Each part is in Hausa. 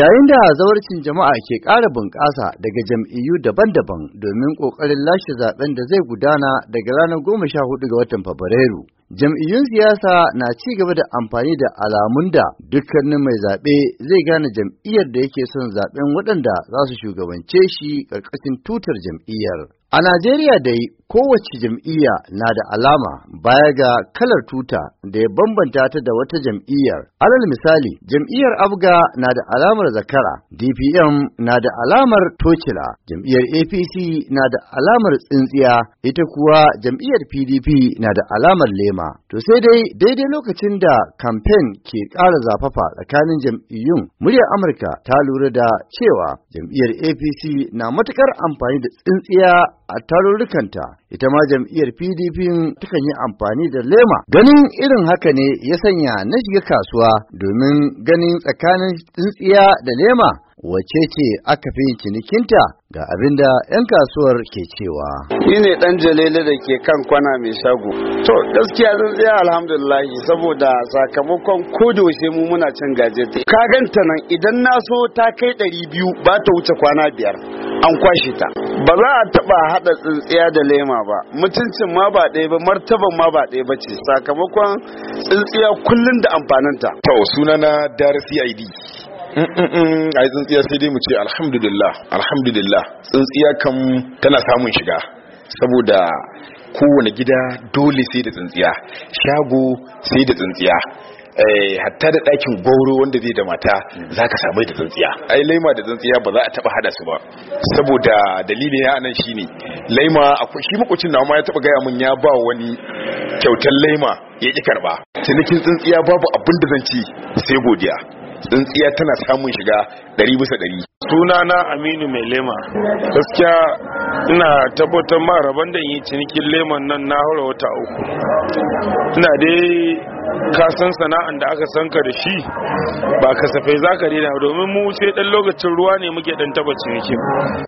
yayin da zawarcin jama'a ke ƙara bunƙasa daga jam'iyyu daban-daban domin ƙoƙarin lashe zaben da zai gudana daga ranar goma sha hudu ga watan fabrairu jam'iyyun siyasa na ci gaba da amfani da alamun da dukkanin mai zaɓe zai gane jam'iyyar da yake son zaɓen waɗanda za su shugabance shi ƙarƙashin tutar jam'iyyar A Najeriya dai kowace jam'iyya na da alama baya ga kalar tuta da ya bambanta ta da wata jam'iyyar. Alal misali, jam'iyyar Abga na da alamar zakara, DPM na da alamar tocila, jam'iyyar APC na da alamar tsintsiya, ita kuwa jam'iyyar PDP na da alamar lema. To sai dai daidai lokacin da kamfen ke ƙara zafafa tsakanin jam'iyyun, muryar Amurka ta lura da cewa jam'iyyar APC na matuƙar amfani da tsintsiya a tarurrukanta ita ma jam'iyyar pdp takan yi amfani da lema ganin irin haka ne ya sanya na shiga kasuwa domin ganin tsakanin tsintsiya da lema wace ce aka fi cinikinta ga abin da 'yan kasuwar ke cewa. Ni ne ɗan jalele da ke kan kwana mai shago. To gaskiya zan tsaya alhamdulillahi saboda sakamakon kodo sai mu muna cin gajete. Ka ganta nan idan na so ta kai ɗari biyu ba ta wuce kwana biyar an kwashe ta. ba za a taba hada tsintsiya da lema ba mutuncin ma ba ɗaya ba martaban ma ba ɗaya ba ce sakamakon tsintsiya kullum da amfaninta to sunana dar cid mm, mm, mm. a yi tsintsiya sai dai mu ce alhamdulillah alhamdulillah tsintsiya kan tana samun shiga saboda kowane gida dole sai da tsintsiya shago sai da tsintsiya Eh, hatta da ɗakin gwauro wanda zai da mata za ka samu da tsantsiya. ai laima da tsintsiya ba za a taɓa hada su ba saboda dalilin ya anan shi ne laima shi makocin na ma ya taɓa gaya min ya ba wani kyautar laima ya ƙi karɓa cinikin tsintsiya babu abin da zan ci sai godiya tsintsiya tana samun shiga ɗari bisa ɗari suna na aminu mai lema gaskiya ina tabbatar ma rabon da yi cinikin leman nan na haura wata uku ina dai ka san sana'an da aka sanka da shi ba kasafai za ka daina domin mu sai dan lokacin ruwa ne muke dan taba ciniki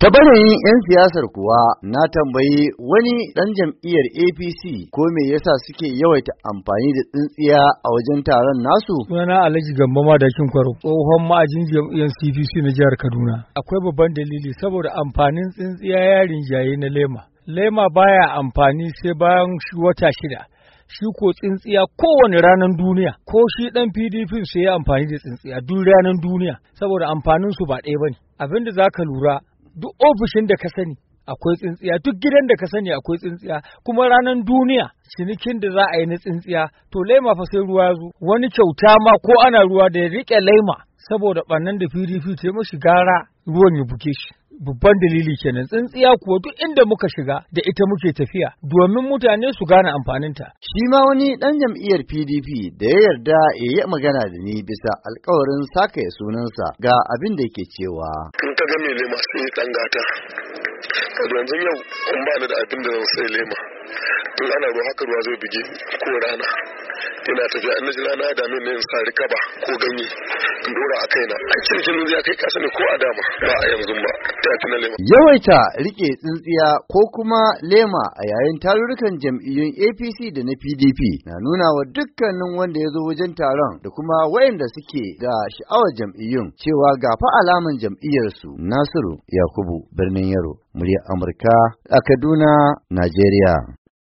ta barayin yan siyasar kuwa na tambayi wani dan jam'iyyar APC ko me yasa suke yawaita amfani da tsintsiya a wajen taron nasu sunana Alhaji Gambo Madakin Kwaro tsohon ma'ajin jam'iyyar CPC na jihar Kaduna akwai babban dalili saboda amfanin tsintsiya yarin jaye na lema lema baya amfani sai bayan wata shida shi ko tsintsiya kowane ranar duniya ko shi dan PDP sai ya amfani da tsintsiya duk ranar duniya saboda amfanin su ba ɗaya bane abin da zaka lura duk ofishin da ka sani akwai tsintsiya duk gidan da ka sani akwai tsintsiya kuma ranar duniya cinikin da za a yi na tsintsiya to laima fa sai ruwa zo wani kyauta ma ko ana ruwa da ya rike laima saboda ɓarnan da PDP ta mashi gara ruwan ya buge shi Babban dalili kenan tsintsiya kuwa duk inda muka shiga da ita muke tafiya domin mutane su gane amfaninta. Shi ma wani ɗan jam'iyyar PDP da ya yarda ya yi magana da ni bisa alkawarin sakaya sunansa ga abin da yake cewa. In ka ga mele lema sai ya tsangata. Yanzu yau kun ba da abin da zan sai lema. Tun ana ruwa haka ruwa zai bige ko rana. ina tafiya in naji rana da min in sa rikaba ko ganye in dora a kaina an cire jinin zai kai kasa ne ko a dama ba a yanzu ba Yawaita rike tsintsiya ko kuma lema a yayin tarurrukan jam'iyyun APC da na PDP na nuna wa dukkanin wanda ya zo wajen taron da kuma wayanda suke ga sha'awar jam'iyyun cewa ga fa alaman jam'iyyarsu Nasiru Yakubu Birnin Yaro, muryar Amurka a Kaduna, Najeriya.